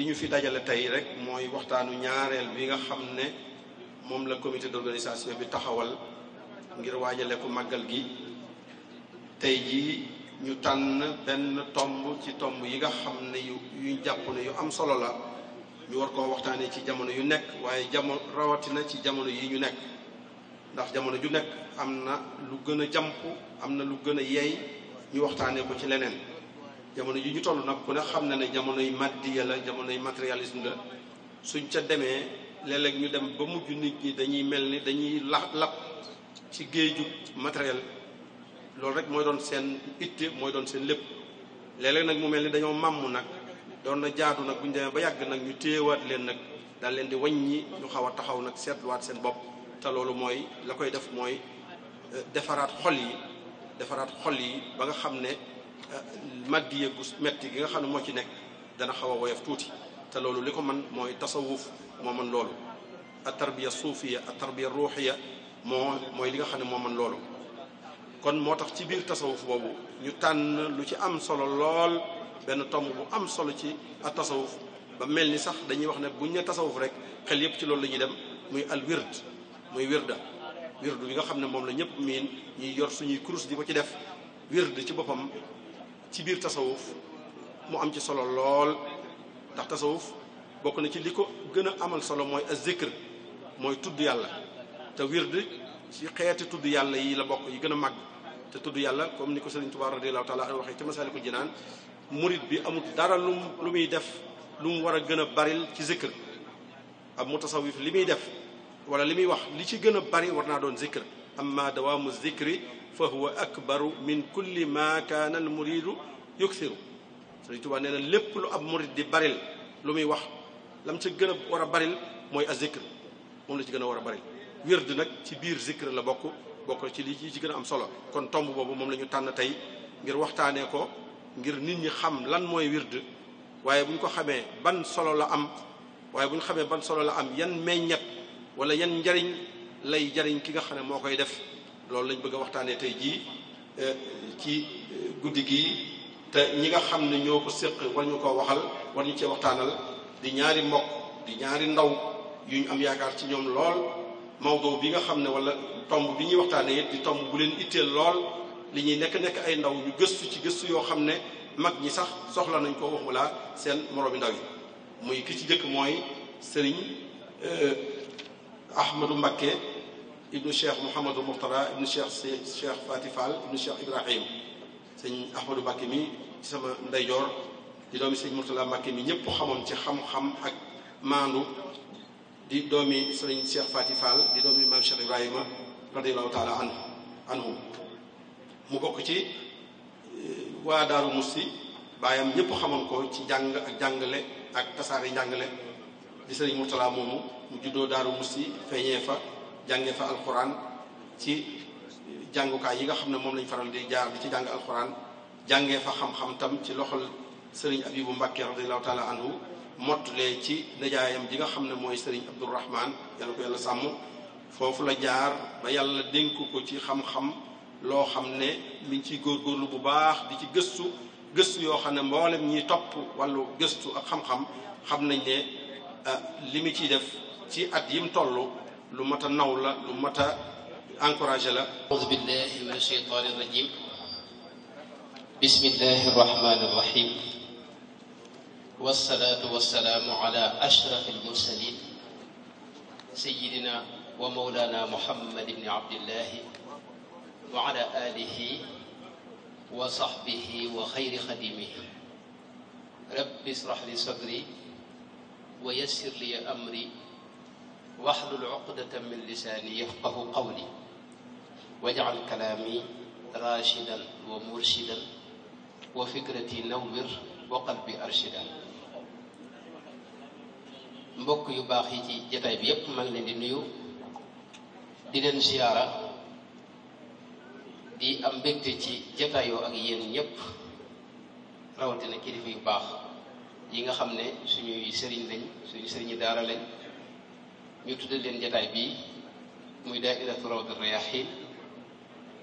li ñu fi dajale tey rek mooy waxtaanu ñaareel bi nga xam ne moom la comité d'organisation bi taxawal ngir waajale ko màggal gi tey jii ñu tànn benn tomb ci tomb yi nga xam ne yu yu jàpp ne yu am solo la ñu war koo waxtaanee ci jamono yu nekk waaye jamono rawatina ci jamono yi ñu nekk ndax jamono ju nekk am na lu gën a jàmp am na lu gën a yeey ñu waxtaanee ko ci leneen jamono yi ñu toll nag ku ne xam na ne jamonoy maddiya la jamonoy matérialisme la suñ ca demee léeg ñu dem ba mujj nit ñi dañuy mel ni dañuy la lab ci géeju matériel loolu rek mooy doon seen itte mooy doon seen lépp léeg nag mu mel ni dañoo màmm nag doon na jaadu nag bu ñu demee ba yàgg nag ñu téyewaat leen nag daal leen di wàññi ñu xaw a taxaw nag seetluwaat seen bopp te loolu mooy la koy def mooy eh, defaraat xol yi defaraat xol yi ba nga xam ne Euh, maddi gu metti gi nga xam ne moo ci nekk dana xaw a woyof tuuti te loolu li ko man mooy tasawuf moo man loolu a tarbiya suufiya a tarbiya ruuxiya moo mooy li nga xam ne moo man loolu kon moo tax ci biir tasawuf boobu ñu tànn lu ci am solo lool benn tomb bu am solo ci a ba mel ni sax dañuy wax ne buñ ne tasawuf rek xel yëpp ci loolu la ñuy dem muy al wird muy wirda wirdu nga xam ne moom la ñëpp miin ñuy yor suñuy kurus di ko ci def wird ci boppam ci biir tasawuf mu am ci solo lool ndax tasawuf bokk na ci li ko gën a amal solo mooy azzikr mooy tudd yàlla te wird ci xeeti tudd yàlla yi la bokk yi gën a màgg te tudd yàlla comme ni ko Sëriñ Tuubaa radiyallaahu taala an waxee ci Masaalikul Jinaan murit bi amul dara lu lu muy def lu mu war a gën a baril ci zikr ab mutasawif li muy def wala li muy wax li ci gën a bari war naa doon zikr amma dawaamu zikri فهو أكبر من كل ما كان المريد يكثر سيتوبا نينا لب لو أب مريد دي باريل لو مي وح لم تجنب ورا باريل موي أذكر مو لا تجنب ورا باريل ويرد نك تبير ذكر لبكو بكو تي لي تي أم صلاة كون توم بوبو موم لا نيو تان تاي غير وحتاني كو غير نيت ني خام لان موي ويرد waye buñ ko xamee ban solo la am waye buñ xamee ban solo la am yan meññat wala yan njariñ lay jariñ ki nga xam ne koy def loolu lañ bëgg waxtaanee tey jii euh, ci euh, guddi gii te ñi nga xam ne ñoo ko séq war ñu koo waxal war ñu cee waxtaanal di ñaari mbokk di ñaari ndaw yu ñu am yaakaar ci ñoom lool mawdo bi nga xam ne wala tomb bi ñuy waxtaanee di tomb bu leen itteel lool li ñuy nekk nekk ay ndaw ñu gëstu ci gëstu yoo xam ne mag ñi sax soxla nañ ko wax mu seen moroomi ndaw yi muy kii ci jëkk mooy sëriñ euh, Ahmadou Mbakke ibnu cheikh mouhamadou mourtada ibnu cheikh cheikh fati fall ibnu cheikh ibrahim sëñ ahmadou mbàkke mi ci sama ndeyjoor di doomi sëñ mourtada mbàkke mi ñëpp xamoon ci xam-xam ak maandu di doomi sëriñ cheikh fati fall di doomi maam cheikh ibrahima radiallahu taala anhu mu bokk ci eh, waa daaru musti baayam ñëpp xamoon ko ci jàng ak jàngale ak tasaare jàngale di sëriñ mourtada moomu mu juddoo daaru musti feeñee fa jànge fa alxuraan ci jàngukaay yi nga xam ne moom lañ faral di jaar di ci jàng alxuraan jàngee fa xam-xam tam ci loxol sëriñ Abibu Mbàkke radiallahu taala anhu mottule ci nijaayam ji nga xam ne mooy sëriñ Abdourahman yàlla ko yàlla sàmm foofu la jaar ba yàlla dénk ko ci xam-xam loo xam ne mi ci góor góorlu bu baax di ci gëstu gëstu yoo xam ne mboolem ñi topp wàllu gëstu ak xam-xam xam nañ ne ah, li mu ciy def ci at yim toll لمتا نولا لمتا انكوراجلا اعوذ بالله من الشيطان الرجيم بسم الله الرحمن الرحيم والصلاة والسلام على أشرف المرسلين سيدنا ومولانا محمد بن عبد الله وعلى آله وصحبه وخير خديمه رب اشرح لي صدري ويسر لي أمري واحلل عقدة من لساني يفقه قولي واجعل كلامي راشدا ومرشدا وفكرتي نور وقلبي ارشدا مبوك يو باخي تي جتاي بي ييب مان لي دي نيو دي لن زيارة دي ام بيكتي تي جتاي يو اك يين ييب راوتي نا كيريف يو باخ ييغا خامني سونيو سيرين لاني سونيو سيرين دارا لاني ñu tudde leen jataay bii muy daairatu rawdu riyaahin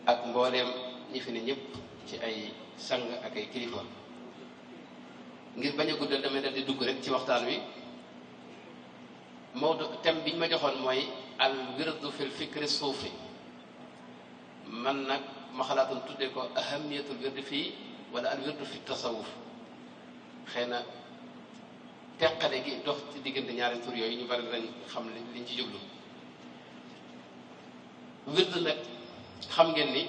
ak mbooleem ñi fi ne ñëpp ci ay sang ak ay kilifa ngir bañ a guddal damay dal di dugg rek ci waxtaan wi mawdu tem biñ ma joxoon mooy al wirdu fil fikri suufi man nag ma xalaatoon tudde ko ahamiyatul wirdi fii wala al wirdu fi tasawuf xëy na teqale gi dox ci diggante ñaari tur yooyu ñu bari nañ xam liñ ci jublu wird nag xam ngeen ni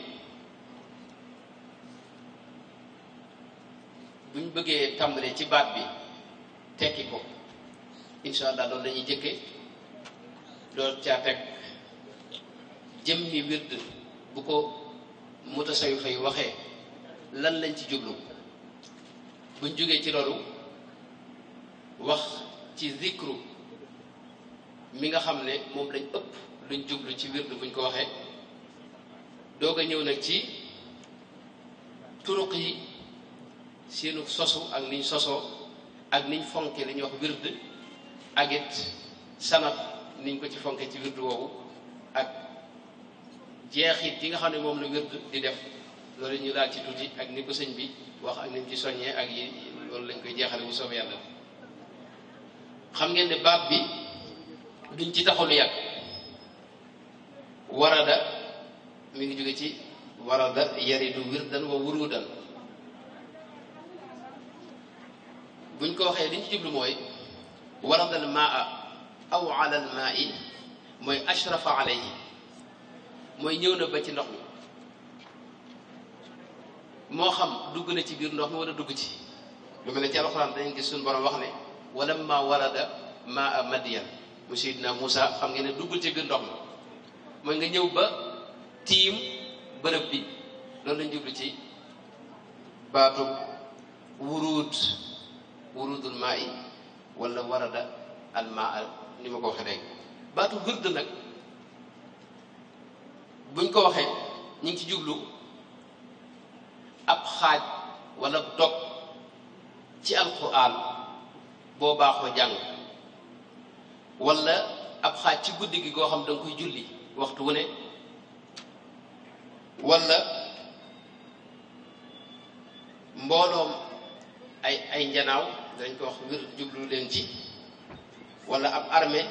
buñ bëggee tàmbalee ci baat bi tekki ko incha allah loolu lañuy jëkke loolu caa teg jëmmi wird bu ko mutasawifa yi waxee lan lañ ci jublu buñ jógee ci loolu wax ci zikru mi nga xam ne moom lañ ëpp luñ jublu ci wird buñ ko waxee doog a ñëw nag ci turuq yi seenu sosu ak niñ sosoo ak niñ fonke li wax wird ak it sanab niñ ko ci fonke ci wird woowu ak jeexit yi nga xam ne moom la wird di def loolu ñu daal ci tuuti ak ni ko bi wax ak ni mu ci soññee ak yi loolu lañ koy jeexale bu soobee yàlla xam ngeen ne baab bi duñ ci taxalu lu yàgg warada mi ngi jóge ci warada yaridu wirdan wa wurudan buñ ko waxee liñ ci jublu mooy warada al maa aw ala al maai mooy ashrafa alayhi mooy ñëw na ba ci ndox mi moo xam dugg na ci biir ndox mi wala dugg ci lu mel ne ci alxuraan dañ gis suñu borom wax ne walamma warada maa madiyan mu seydina Muusa xam ngeen ne duggul ci gën ndox ma mooy nga ñëw ba tiim bërëb bi loolu lañ jublu ci baatu wuruud wuruudul maa yi wala warada al maa ni ma ko waxee rek baatu wird nag buñ ko waxee ñu ngi ci jublu ab xaaj wala dog ci alquran boo baaxoo jàng wala ab xaaj ci guddi gi goo xam da nga koy julli waxtu wu ne wala mbooloom ay ay njanaaw dañ ko wax wir jublu leen ci wala ab armée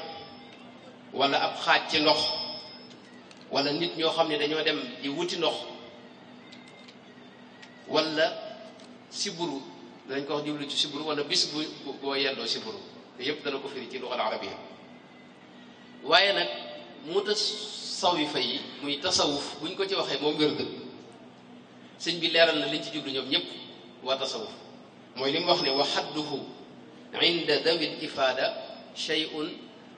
wala ab xaaj ci ndox wala nit ñoo xam ne dañoo dem di wuti ndox wala siburu dañ ko wax jublu ci sibru wala bis bu bo yello sibru yépp da la ko firi ci luxal arabiya waaye nag mu tas sawifa yi muy tasawuf buñ ko ci waxee moom wér dëgg sëñ bi leeral na liñ ci jublu ñoom ñëpp wa tasawuf mooy li mu wax ne wa xadduhu inda dawi lifaada shay'un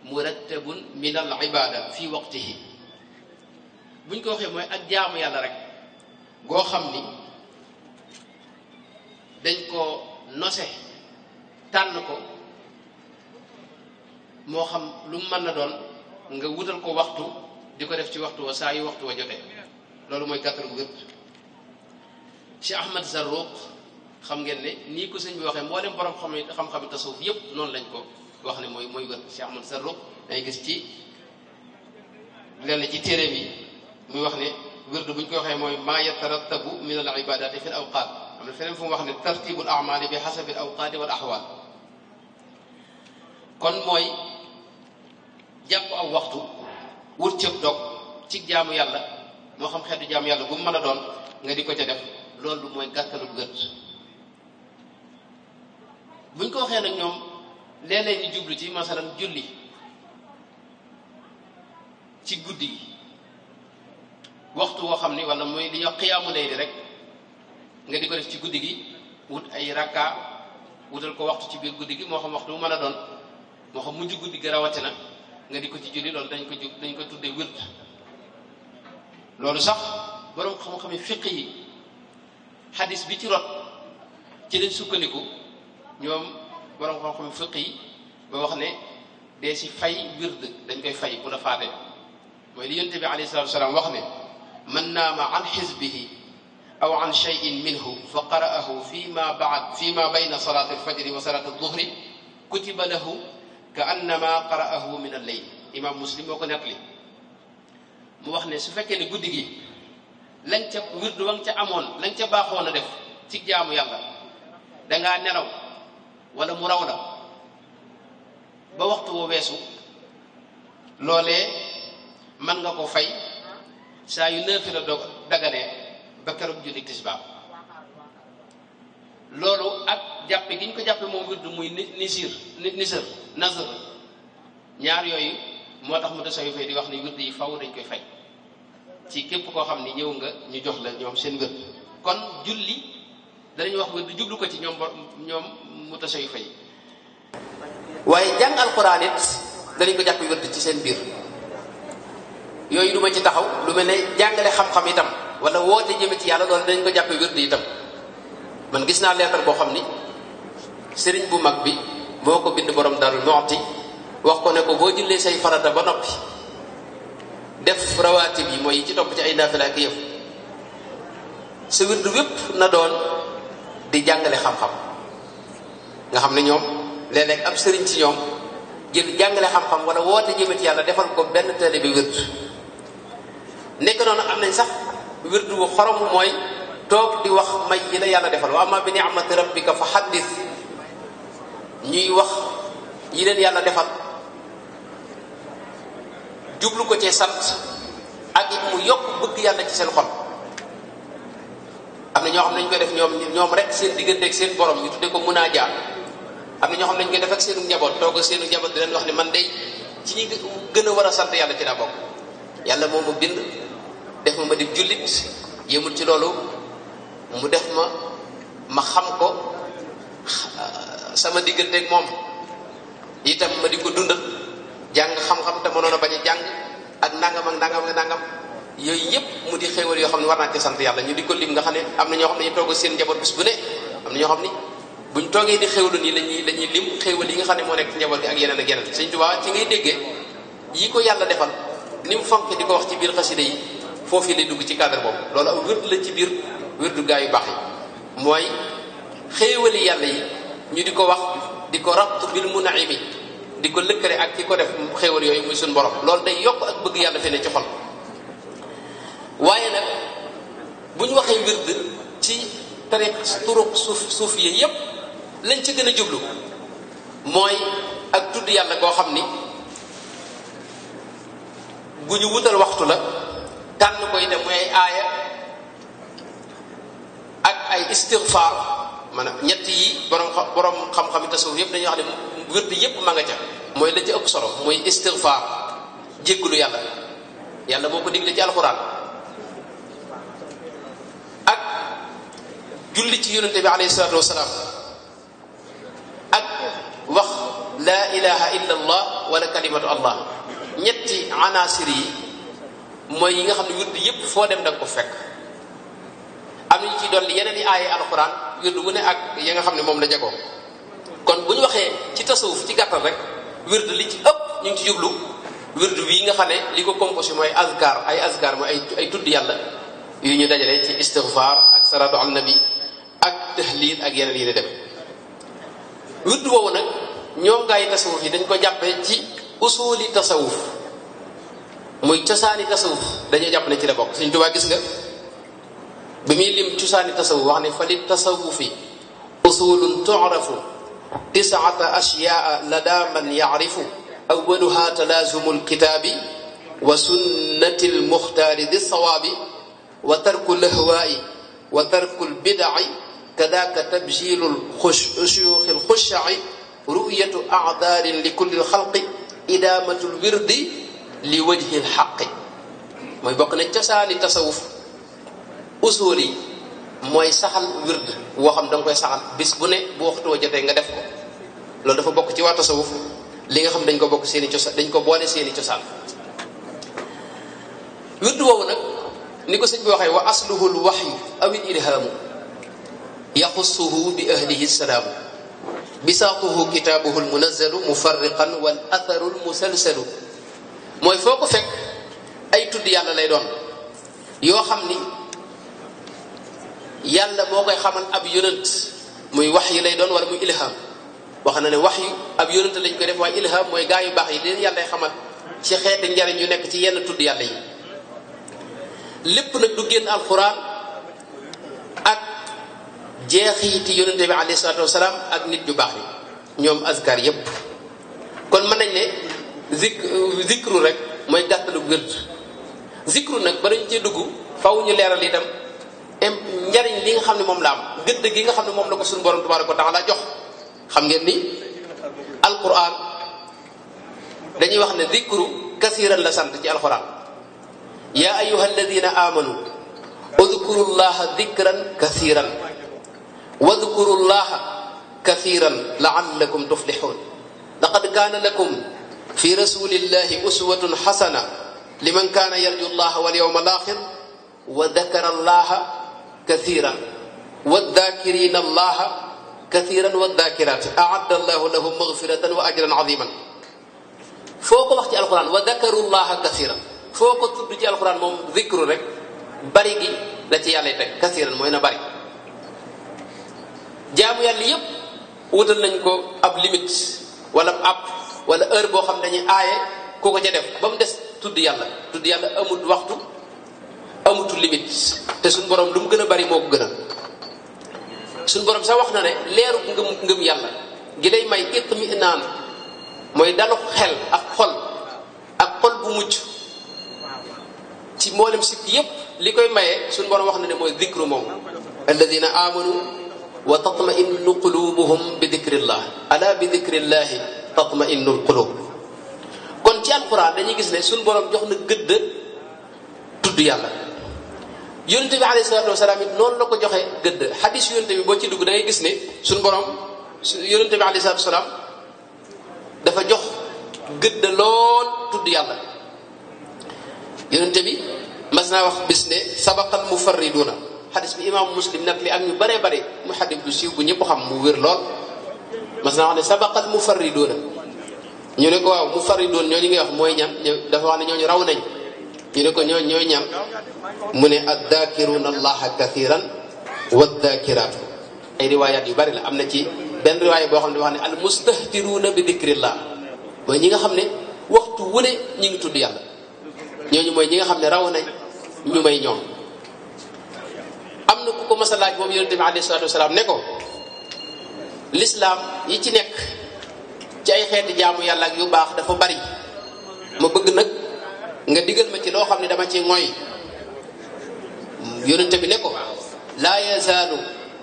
murattabun min al ibada fi waqtihi buñ ko waxee mooy ak jaamu yàlla rek goo xam dañ ko nose tànn ko moo xam lu mën na doon nga wutal ko waxtu di ko def ci waxtu wa saa yu waxtu wa jote loolu mooy gàttal bu wér Cheikh Ahmad Zarruq xam ngeen ne nii ko sëñ bi waxee mboolem borom xam xam-xami tasawuf yépp noonu lañ ko wax ne mooy mooy wér Cheikh Ahmad Zarruq day gis ci lenn ci téere bi muy wax ne wérdu buñ ko waxee mooy ma yatarattabu min al ibadati fi al awqat ونسلم فهم وحن ترتيب الأعمال بحسب الأوقات والأحوال كن موي جاب أو وقت ورتب دوك تيك جام يلا مو خم خدو جام يلا بوم مانا دون نغي كو تي ديف لول موي غاتلو گت بوين كو وخي نك نيوم لي لي ني جوبلو تي مثلا جولي تي گودي وقت وخمني ولا موي لي قيام الليل رك nga di ko ci guddi gi wut ay rakka wutal ko waxtu ci biir guddi gi moo xam waxtu bu mën a doon moo xam mujj guddi gi rawatina nga di ko ci julli loolu dañ ko jug dañ ko tuddee wird loolu sax borom xam-xame fiq yi xadis bi ci rot ci lañ sukkandiku ñoom borom xam-xame fiq yi ba wax ne dee si fay wird dañ koy fay bu la faatee mooy li yonte bi alayhi salaatu wax ne man naama an xisbihi أو عن شيء منه فقرأه فيما بعد فيما بين صلاة الفجر وصلاة الظهر كتب له كأنما قرأه من الليل إمام مسلم وكن أقلي موخنا سفك اللي لن تب ورد وان تأمون لن تب أخونا دف تجام يلا دعنا نرو ولا مراونا بوقت وبيسو لولا من غا كوفي سايو نفيل دغ ba keroog julli tisbaar ak jappi giñ ko jàppe moom wird muy nisir nisir nazar ñaar yooyu moo tax mu fay di wax ni wird yi faaw dañ koy fay ci kep ko xamni ñew nga ñu jox la ñom seen kon julli dañ wax wird jublu ko ci ñom ñom mu tasawuf fay waaye jang alquran it dañ ko jappi wird ci seen bir yoy duma ci taxaw lu melni jangale xam-xam itam wala woote jëme ci yàlla loolu dañ ko jàppe wird itam man gis naa leetal boo xam ni sëriñ bu mag bi moo ko bind boroom Darou Mouhty wax ko ne ko boo jullee say farata ba noppi def rawaatib yi mooy yi ci topp ci ay naafila ak yëf sa wird wépp na doon di jàngale xam-xam nga xam ne ñoom léeg ab sëriñ ci ñoom jël jàngale xam-xam wala woote jëme ci yàlla defal ko benn télé bi wird nekk noonu am nañ sax wirdu wu xoromu mooy toog di wax may yi la yàlla defal wa amma bi ni'mati rabbika fa xaddis ñuy wax yi leen yàlla defal jublu ko ci sant ak yi mu yokk bëgg yàlla ci seen xol am na ñoo xam ne ñu koy def ñoom ñoom rek seen diggante ak seen borom ñu tudde ko mun a jaar am na ñoo xam ne ñu koy def ak seenu njaboot toog seenu njaboot di leen wax ne man day ci ñi gën a war a sant yàlla ci laa bokk yàlla moomu bind def ma ma di jullit yëmul ci loolu mu def ma ma xam ko sama digganteeg moom itam ma di ko dunda jàng xam-xam te mënoon a bañ a jàng ak nangam ak nangam ak nangam yooyu yëpp mu di xéewal yoo xam ne war naa ci sant yàlla ñu di ko lim nga xam ne am na ñoo xam ne ñu toog seen njaboot bis bu ne am na ñoo xam ni buñ toogee di xéewlu nii lañuy la ñuy lim xéewal yi nga xam ne moo nekk ci njaboot bi ak yeneen ak yeneen Sëñ Tuubaa ci ngay déggee yi ko yàlla defal ni mu di ko wax ci biir xasida foofu lay dugg ci cadre boobu loolu aw wird la ci biir wirdu gaa yu baax yi mooy xéewali yàlla yi ñu di ko wax di ko rabtu bil mun'imi di ko lëkkale ak ki ko def xéewal yooyu muy suñu borom loolu day yokk ak bëgg yàlla fi ne ci xol waaye nag bu ñu waxee wird ci tariq turuq suuf suuf yi yépp lañ ci gën a jublu mooy ak tudd yàlla koo xam ni gu ñu wutal waxtu la tànn ko itam muy ay ak ay istigfaar maanaam ñett yi borom borom xam-xam tasawuf yëpp dañuy wax ne wird yëpp ma nga ca mooy la ca ëpp solo mooy istigfaar jéggulu yàlla yàlla boo ko digle ci alxuraan ak julli ci yonente bi alayhi salaatu wasalaam ak wax laa ilaha illa allah wala kalimatu allah ñetti anaasir mooy yi nga xam ne wird yëpp foo dem nag nga ko fekk am ci ciy li yeneen yi aaye alxuraan wird wu ne ak yi nga xam ne moom la jagoo kon bu ñu waxee ci tasawuf ci gàttal rek wird li ci ëpp ñu ngi ci jublu wird bii nga xam ne li ko composé mooy azkar ay azkar mooy ay ay tudd yàlla yu ñu dajale ci istighfar ak salaatu na nabi ak tahlil ak yeneen yi ne dem wird woowu nag ñoom gaa yi tasawuf yi dañ ko jàppee ci usuli tasawuf muy cosaani tasawuf dañuy jàpp ne ci la bokk suñ tubaa gis nga bi muy lim cosaani tasawuf wax ne fa li tasawufi usulun tu'rafu tisata ashiyaa lada man yarifu awaluha talaazumu lkitaabi wa sunnati lmuxtaari di sawaabi wa tarku lahwaa'i wa tarku lbidaci kadaka tabjilu lxushuyuxi lxushaci ru'yatu acdaarin likulli lxalqi idaamatu lwirdi li wajhil xaqi mooy bokk na cosaani tasawuf usul yi mooy saxal wird woo xam da koy saxal bis bu ne boo waxtoo jotee nga def ko loolu dafa bokk ci waa tasawuf li nga xam dañ ko bokk seeni cosaan dañ ko boole seeni cosaan wird woowu nag ni ko sëñ bi waxee wa asluhu l waxyu aw il ilhaamu yaxussuhu bi ahlihi salaamu bisaatuhu kitaabuhu lmunazalu mufarriqan wal atharu lmusalsalu moy foko fek ay tudd yàlla lay doon yo xamni yàlla bokay xamal ab yonant muy wax lay doon wala muy ilham wax ne wax ab yonant lañ ko def waaye ilham moy gaay yu bax yi den yàlla xamal ci xéet njariñ yu nekk ci yenn tudd yàlla yi lépp nak du génn alquran ak jeexiti yonante bi alayhi salatu wasalaam ak nit yu bax yi ñom azkar yépp kon man nañ ne zik zikru rek mooy gàttalu wird zikru nag ba dañ cee dugg faw ñu leeral dem njariñ li nga xam ne moom la am gëdd gi nga xam ne moom la ko suñu borom tabaaraka wa taala jox xam ngeen ni alquran dañuy wax ne zikru kasiran la sant ci alquran yaa ayuha alladina amanu udkuru llaha dikran kasiran wadkuru llaha kasiran laallakum tuflixuun laqad kaana lakum في رسول الله أسوة حسنة لمن كان يرجو الله واليوم الآخر وذكر الله كثيرا والذاكرين الله كثيرا والذاكرات أعد الله لهم مغفرة وأجرا عظيما فوق وقت القرآن وذكروا الله كثيرا فوق تبدي القرآن مم ذكر رك بريجي لتي عليك كثيرا مهنا بري جامع اليب ودلنكو ودل أب ليميت ولا أب wala heure boo xam ne dañuy aaye ku ko ca def ba mu des tudd yàlla tudd yàlla amut waxtu amut limite te suñ borom lu mu gën a bari moo ko gën a suñu borom sa wax na ne leeru ngëm ngëm yàlla gi lay may itminaan mooy dalu xel ak xol ak xol bu mucc ci mboolem sikk yépp li koy maye suñu borom wax na ne mooy dikru moom alladina wa tatma innu qulubuhum bi dikrillah ala tatma innul qulub kon ci alquran dañuy gis ne suñu boroom jox na gëdd tudd yàlla yonente bi joxe gëdd xadis yonente bi ci dugg da gis ne suñu borom yonente bi alayhi jox gëdd lool tudd yàlla yonente mas naa wax bis ne sabaqal mufarriduuna xadis bi imaamu muslim nag li am ñu bare bare mu xadis bu siiw bu ñëpp xam mu wér lool mas naa wax ne sabaqat mufarriduuna ñu ne ko waaw ñoo ñooñu ngay wax mooy ñan dafa wax ne ñooñu raw nañ ñu ne ko ñooñu ñooy ñan mu ne addaakiruuna allaha kathiran waddaakiraatu ay riwaayaat yu bari la am na ci benn riwaaya boo xam ne wax ne al mustahdiruuna bi dikrillah mooy ñi nga xam ne waxtu wu ne ngi tudd yàlla ñooñu mooy ñi nga xam ne raw nañ ñu may ñoom am na ku ko mas a laaj moom yonente bi alayhi salaatu wasalaam ne ko lislaam yi ci nekk ci ay xeeti jaamu yàlla ak yu baax dafa bari ma bëgg nag nga digal ma ci loo xam ne dama ci mooy yonente bi ne ko laa yazaalu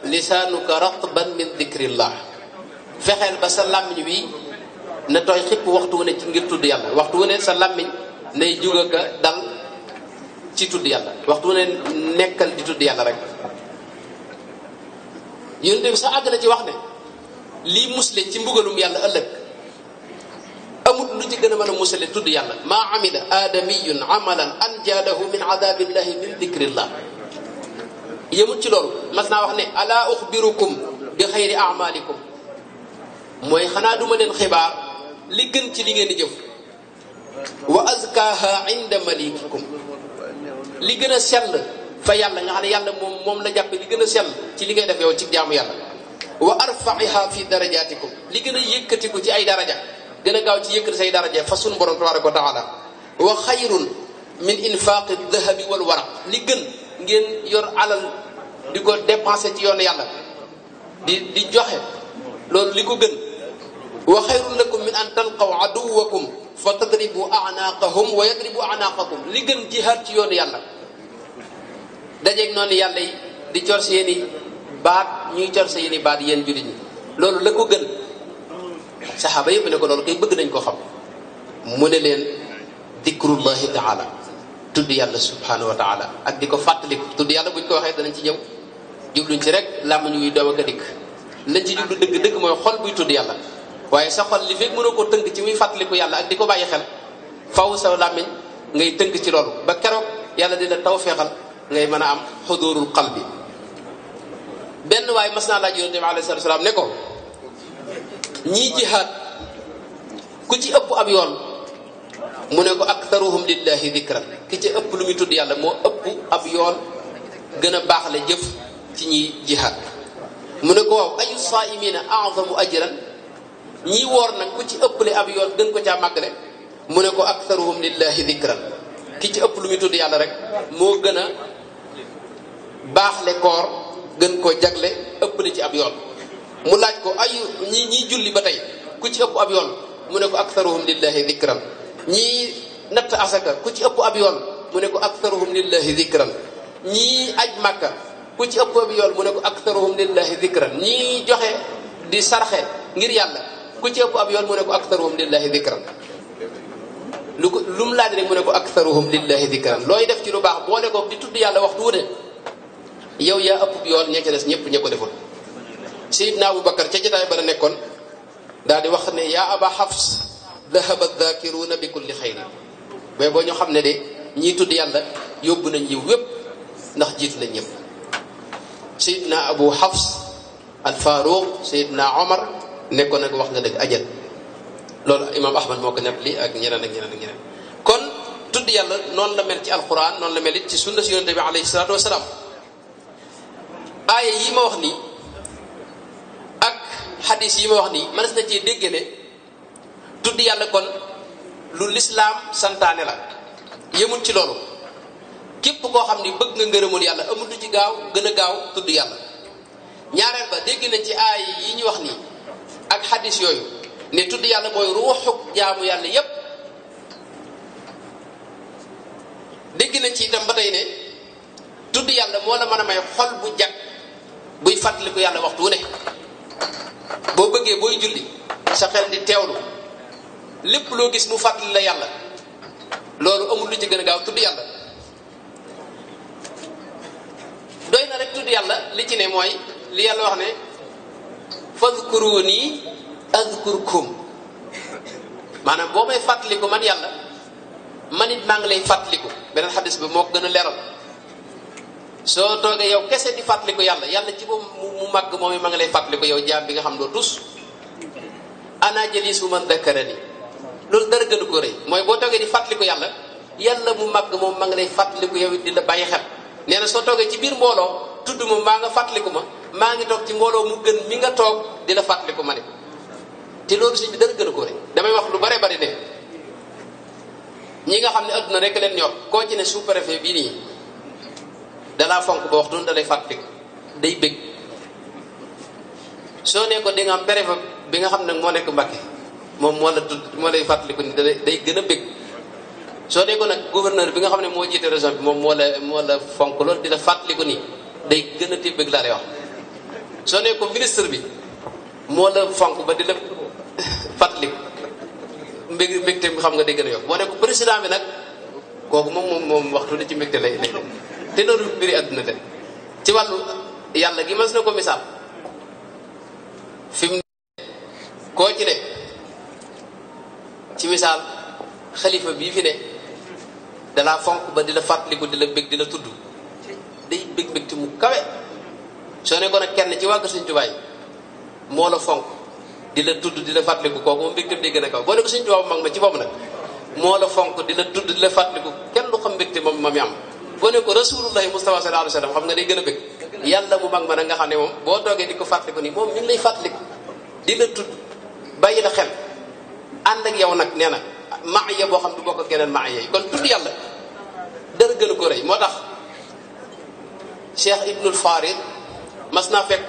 lisaanuka ratban min dikrillah fexeel ba sa làmmiñ wi na tooy xipp waxtu wu ne ci ngir tudd yàlla waxtu wu ne sa làmmiñ nay juga ka dal ci tudd waxtu wu nekkal di tudd yàlla rek yonente bi sa àgg na ci wax ne lii musle ci mbugalum yàlla ëllëg amut lu ci gën a mën a musale tudd yàlla maa amila aadamiyun amalan anjaalahu min adabillahi min dikrillah yëmut ci loolu mas naa wax ne ala uxbirukum bi xayri amalikum mooy xanaa duma leen xibaar li gën ci li ngeen di jëf wa azkaha inda malikikum li gën a sell fa yàlla nga xam ne yàlla moom moom la jàpp li gën a sell ci li ngay def yow ci jaamu yàlla وارفعها في درجاتكم لغنا ييكاتيكو تي اي درجه غنا غاو تي ييكر ساي درجه فصول بروم تبارك وتعالى وخير من انفاق الذهب والورق لغن نين يور علال ديكو ديبانسي تي يون يالا دي دي جوخه لول ليكو غن وخير لكم من ان تلقوا عدوكم فتضربوا اعناقهم ويضربوا اعناقكم لغن جهات تي يون يالا داجيك نون يالا دي تيور سيني baat ñuy cor sa yéeni baat yéen jullit ñi loolu la ko gën saxaaba yëpp ne ko loolu kay bëgg nañ ko xam mu ne leen dikrullahi taala tudd yàlla subhanahu wa taala ak di ko fàttaliku tudd yàlla buñ ko waxee danañ ci ñëw jubluñ ci rek làmmiñ wuy doom ak a dikk lañ ci jublu dëgg dëgg mooy xol buy tudd yàlla waaye sa xol li fekk mënoo koo tënk ci muy fàttaliku yàlla ak di ko bàyyi xel faw sa làmmiñ ngay tënk ci loolu ba keroog yàlla dina tawfeexal ngay mën a am xudurul qalbi benn waaye mas naa laaj yonente bi alayhi salaam ne ko ñii jihaad ku ci ëpp ab yoon mu ne ko aktaruhum lillahi dikran ki ci ëpp lu muy tudd yàlla moo ëpp ab yoon gën a baax la jëf ci ñiy jihaad mu ne ko waaw ayu saimina mu ajran ñii woor nag ku ci ëpple ab yoon gën ko caa màggale mu ne ko aktaruhum lillahi dikran ki ci ëpp lu muy tudd yàlla rek moo gën a baax le koor gën koo jagle ëppale ci ab yoon mu laaj ko ay ñii ñiy julli ba tey ku ci ëpp ab yoon mu ne ko aktharuhum lillahi dikran ñii natt asaka ku ci ëpp ab yoon mu ne ko aktharuhum lillahi dikran ñii aj màkka ku ci ëpp ab yoon mu ne ko aktharuhum lillahi dikran ñii joxe di sarxe ngir yàlla ku ci ëpp ab yoon mu ne ko aktharuhum lillahi dikran lu ko lu mu laaj rek mu ne ko aktharuhum lillahi dikran looy def ci lu baax boole ko di tudd yàlla wax wu yow ya ëpp yoon ñe ca des ñëpp ña ko deful sayidna abubakar ca jotaay ba la nekkoon daal di wax ne ya aba hafs dahaba dhakiruna bi kulli xayrin mais boo ñu xam ne de ñii tudd yàlla yóbbu nañ yi wépp ndax jiitu nañ ñëpp sayidna abu hafs al faruq sayidna omar nekkoon ak wax nga dëgg ajal loolu imam ahmad moo ko li ak ñeneen ak ñeneen ak ñeneen kon tudd yàlla noonu la mel ci alquran noonu la mel it ci sunna si yonente bi alayhi salatu wasalaam ay yi ma wax ni ak hadis yi ma wax ni man na ci dégg ne tudd yàlla kon lu l'islam santane la yemul ci lolu képp ko xamni bëgg nga ngeerumul yalla amul ci gaaw gën gaaw tudd yàlla ba dégg na ci ay yi ñu wax ni ak hadis yooyu ne tuddi yalla moy ruuxuk jaamu yalla yépp dégg na ci itam batay ne tudd yàlla la mëna may xol bu jakk buy fàttaliku yàlla waxtu wu ne boo bëggee booy julli sa xel di teewlu lépp loo gis mu fàttali la yàlla loolu amul lu ci gën a gaaw tudd yàlla doy na rek tudd yàlla li ci ne mooy li yàlla wax ne fadkuruni azkurkum maanaam boo may fàttaliku man yàlla man it maa ngi lay fàttaliku beneen xadis bi moo ko gën a leeral so toge yow kesse di ko yalla yalla ci moom mu mag moom ma nga lay ko yow jam bi nga xam do tous ana jalisu man dakarani loolu dara gën ko rëy moy bo toge di ko yalla yalla mu mag mom ma nga lay ko yow di la baye xel neena so toge ci bir mbolo tuddu mo ma nga fatli ko ma ma ngi tok ci mbolo mu gën mi nga tok di la fatli ko mané ci loolu suñ bi dara gënu ko rëy damay wax lu bare bare ne ñi nga xamni aduna rek leen ñor ko ci ne sous préfet bi ni dalaa fonk ba waxtu dalay fàttali day bëgg soo ne ko di nga am préfet bi nga xam ne moo nekk Mbacké moom moo la tudd moo lay fàttaliku ni day gën bëgg soo dee ko nag bi nga xam ne moo jiite région bi moom moo la moo fonk loolu di la fàttaliku nii day gën a bëgg laa lay wax soo dee ko ministre bi moo la fonk ba di la fàttaliku mbég mbégte bi xam nga day gën a yokk boo ne ko président bi nag kooku moom moom moom waxtu la ci mbégte lay lay te loolu mbiri àdduna te ci wàllu yàlla gi mas na ko misaal fi mu koo ci ne ci misaal xalifa bii fi ne dalaa fonk ba di la fàttaliku di la bég di la tudd day bég bég ti mu kawe soo nekkoon ak kenn ci wàgg Sëñ Tuubaa moo la fonk di la tudd di la fàttaliku kooku moom mbégteem day gën a ma ci bopp nag moo la fonk di la tudd di la fàttaliku kenn du xam mbégte moom ma mi am boo ne ko rasulullahi mustafa sallallahu alayhi wasallam xam nga day gën a bëgg yàlla mu mag ma nag nga xam ne moom boo toogee di ko fàttaliku nii moom mi ngi lay fàttaliku di la tudd bàyyi la xel ànd ak yow nag nee na maaya boo xam du bokk ko geneen maaya yi kon tudd yàlla dara gën a ko rëy moo tax cheikh ibnul farid mas naa fekk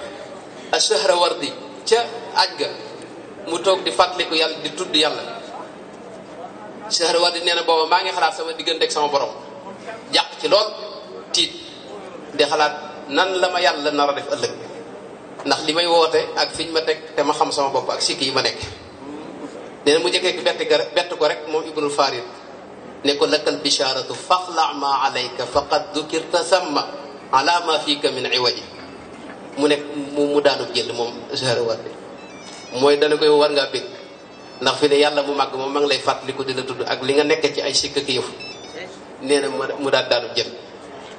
a Sahrawardi ca aj ga mu toog di ko yàlla di tudd yàlla Sahrawardi nee na booba maa ngi xalaat sama diggante ak sama borom jàq ci lool tiit di xalaat nan la ma yàlla nar a def ëllëg ndax li may woote ak fiñ ma teg te ma xam sama bopp ak sikki yi ma nekk nee na mu jëkkee bett ga bett ko rek moom ibnul farid ne ko lakal bisharatu faxla ma alayka faqad dukirta samma ala ma fika min iwaji mu ne mu mu daanu jël moom zahra war de mooy dana koy war ngaa bég ndax fi ne yàlla bu mag moom ma lay fàttaliku di la ak li nga nekk ci ay sikk neena mu daal daanu jëm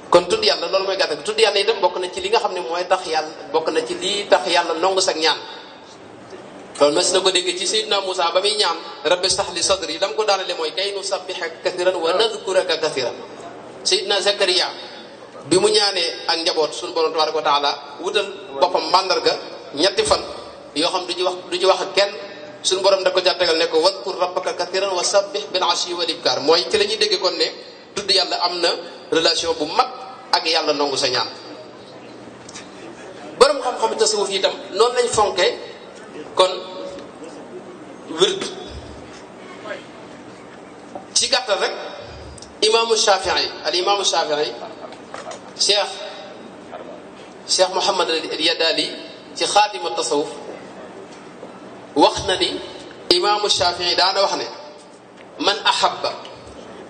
kon tudd yàlla loolu mooy gàttal tudd yàlla itam bokk na ci li nga xam ne mooy tax yàlla bokk na ci lii tax yàlla nongu sag ñaan loolu mas na ko dégg ci sayidna Moussa ba muy ñaan rabbi sahli sadri lam ko daanale mooy kay nu sabbihaka kathiran wa nadhkuraka kathiran sayidna Zakaria bi mu ñaanee ak njaboot suñu borom tabaraka wa taala wutal boppam mandarga ñetti fan yoo xam du ci wax du ci wax ak kenn suñu borom da ko jàttagal ne ko wadkur rabbaka kathiran wa sabbih bil ashi wal ibkar mooy ci la ñuy dégg kon ne tudd yàlla am na relation bu mag ak yàlla nangu sa ñaan borom xam-xam tasawuf itam noonu lañ fonke kon wird ci gàttal rek imaamu shafii al imaamu shafii cheikh cheikh mohamad al yadali ci xaatima tasawuf wax na ni imaamu shafii daana wax ne man ahabba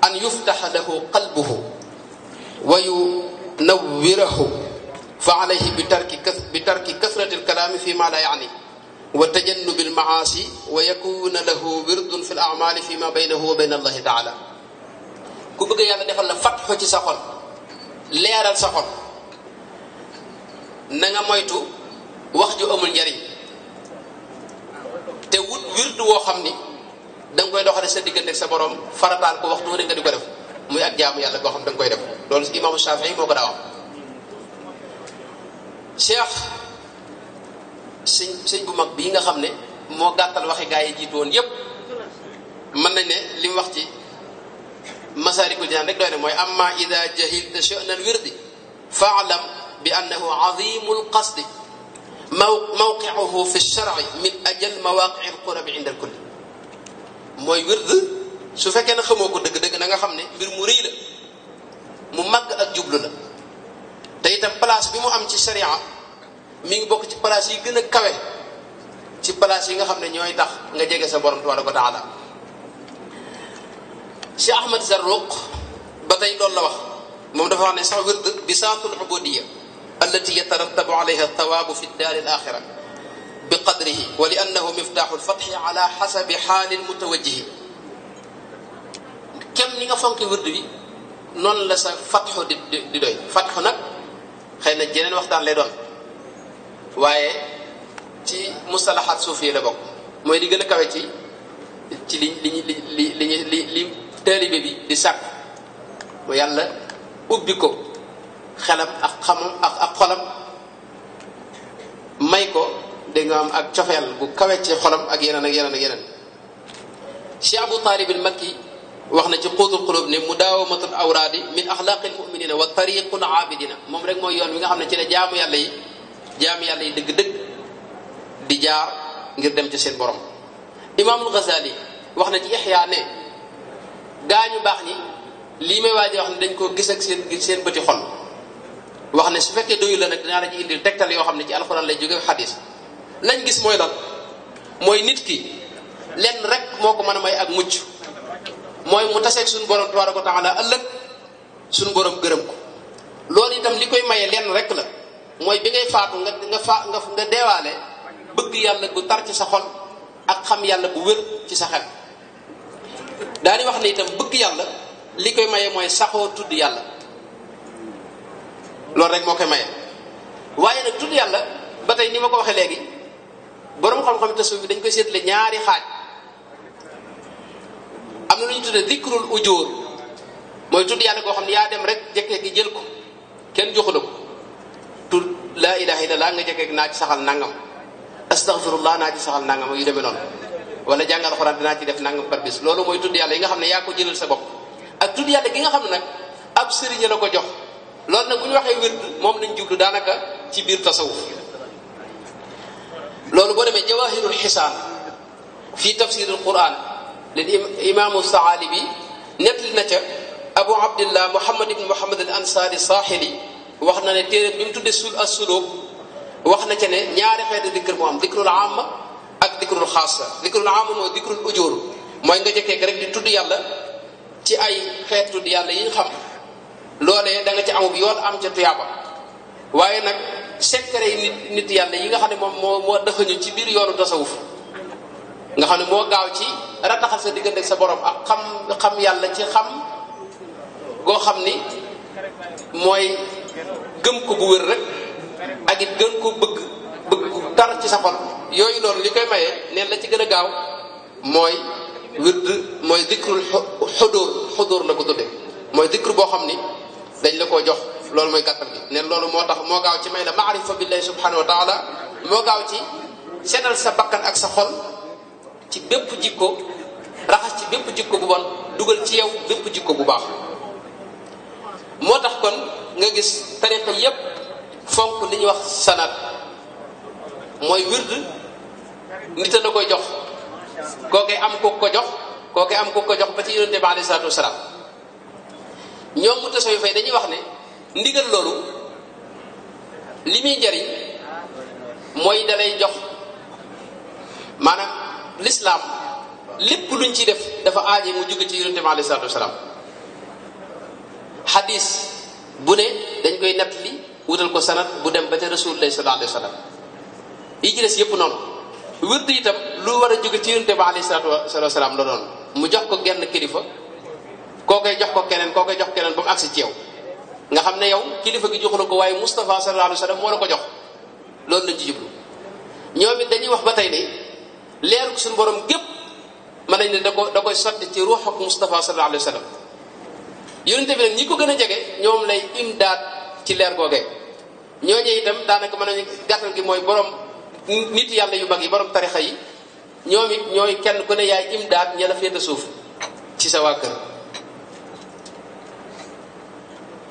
أن يفتح له قلبه وينوره فعليه بترك بترك كثرة الكلام فيما لا يعني وتجنب المعاصي ويكون له ورد في الأعمال فيما بينه وبين الله تعالى ku bëgg yàlla defal فتح fatxu ci sa xol leeral sa xol na nga moytu da koy doxale sa diggante sa borom faratal ko waxtu ne nga di ko def muy ak jaamu yàlla go xam da nga koy def loolu imaamu Shafii moko da wax cheikh sëñ bu mag bi nga xamne mo gàttal waxe gaay yi jitu won yeb man nañ ne lim wax ci masariku jinaan rek doy moy amma idha jahilta sha'na al wirdi fa'lam bi annahu 'azimul qasd mawqi'uhu fi ash shar'i min ajal mawaqi' al qurb inda al kulli mooy wird su fekkee ne xamoo ko dëgg-dëgg na nga xam ne mbir mu rëy la mu màgg ak jublu la te itam place bi mu am ci sharia mi ngi bokk ci place yi gën a kawe ci place yi nga xam ne ñooy tax nga jege sa borom tabaraka wa taala Cheikh Ahmad Zarruq ba tey loolu la wax moom dafa wax ne sax wird bisaatul ubudiyya allati yatarattabu alayha thawaabu fi daari al axira بقدره ولأنه مفتاح الفتح على حسب حال المتوجه كم نيغا فونك وردي نون لا سا فتح دي دوي فتح نك خاينا جينن وقتان لي دون وايي تي مصالحات صوفيه لا بوك موي لي گنا كاوي تي تي لي لي لي لي لي طالب بي دي ساك و يالا اوبيكو خلام اخ خمم اخ اخ خلام مايكو da nga am ak cofeel gu kawe ci xolam ak yeneen ak yeneen ak yeneen cheikh abu talib al makki wax na ci qutul qulub ne mudawamatul awraadi min axlaqi al muminina wa tariqul aabidina moom rek mooy yoon wi nga xam ne ci la jaamu yàlla yi jaamu yàlla yi dëgg-dëgg di jaar ngir dem ci seen borom imaamul ghazali wax na ci ixyaa ne gaañu baax ñi lii may waaji wax ne dañ koo gis ak seen seen bëti xol wax ne su fekkee doyu la nag dinaa la ci indil tegtal yoo xam ne ci alxuraan lay jóge xadis nañ gis mooy lan mooy nit ki lenn rek moo ko mën a may ak mucc mooy mu taseeg suñu borom tabaraka ko taala ëllëg suñu borom gërëm ko loolu itam li koy maye lenn rek la mooy bi ngay faatu nga nga fa nga nga deewaale bëgg yàlla gu tar ci sa xol ak xam yàlla bu wér ci sa xel daal di wax ne itam bëgg yàlla li koy maye mooy saxoo tudd yàlla loolu rek moo koy maye waaye nag tudd yàlla ba tey ni ma ko waxee léegi borom xam-xam tasawuf bi dañ koy seetle ñaari xaaj am na lu ñu tudde zikrul ujóor mooy tudd yàlla koo xam ne yaa dem rek jekke gi jël ko kenn joxu la ko tudd laa ilaha illallah nga jekke gi naa ci saxal nangam astaghfirullah naa ci saxal nangam yu demee noonu wala jàngal xuraan dinaa ci def nangam par bis loolu mooy tudd yàlla yi nga xam ne yaa ko jëlal sa bopp ak tudd yàlla gi nga xam ne nag ab sëriñ la ko jox loolu nag bu ñu waxee wird moom lañ jublu daanaka ci biir tasawuf لولو بني جواهر الحسان في تفسير القران للامام الثعالبي نتل نتا ابو عبد الله محمد بن محمد الانصاري الساحلي واخنا ني تيرم بيم تودي سول السلوك واخنا تي ني نياري خيت ذكر موام ذكر العام اك ذكر الخاص ذكر العام مو ذكر الاجور موي nga jekke rek di tuddu yalla ci ay xéttu yalla yi xam lolé da nga ci amub yoon am ci tiyaba waye nak secret yi nit nit yàlla yi nga xam ne moom moo moo dëxëñu ci biir yoonu tasawuf nga xam ne moo gaaw ci rataxal sa diggante ak sa borom ak xam xam yàlla ci xam goo xam ni mooy gëm ko bu wér rek ak it gën ko bëgg bëgg ko tar ci sa xol yooyu noonu li koy mayee neen la ci gën a gaaw mooy wird mooy dikrul xudóor xudóor la ko tudde mooy dikr boo xam ni dañ la ko jox loolu mooy gàttal gi neen loolu moo tax moo gaaw ci may la maarifa billahi subhanahu wa taala moo gaaw ci setal sa bakkan ak sa xol ci bépp jikko raxas ci bépp jikko bu bon dugal ci yow bépp jikko bu baax moo tax kon nga gis tariqa yépp fonk li ñuy wax sanad mooy wird nit a da koy jox kookee am kook ko jox kookee am ku ko jox ba ci yonente bi alei salatu wasalaam ñoom mu tasawi fay dañuy wax ne ndigal loolu li muy jariñ mooy dalay jox maanaam lislaam lépp luñ ci def dafa aaje mu jóge ci yonente bi alei salatu wasalaam xadis bu ne dañ koy nett li wutal ko sanat bu dem ba te rasulullahi sallallahu alayhi wa yi ci des yëpp noonu wérdu itam lu war a jóge ci yonente bi alei salatu wasalaam la doon mu jox ko genn kilifa koo koy jox ko keneen koo koy jox keneen ba mu agsi ci nga xam ne yow kilifa gi joxu na ko waaye Moustapha sallallahu alayhi wa sallam moo ko jox loolu lañ ci ñoom it dañuy wax ba tey ne leeru suñu borom gépp mën nañ ne da ko da koy sotti ci ruux ak Moustapha sallallahu alayhi wa sallam yonente bi nag ñi ko gën a jege ñoom lay imdaat ci leer googee ñooñu itam daanaka mën nañu gàttal gi mooy borom nit yàlla yu mag yi borom tarixa yi ñoom it ñooy kenn ku ne yaay imdaat ña la féete suuf ci sa waa kër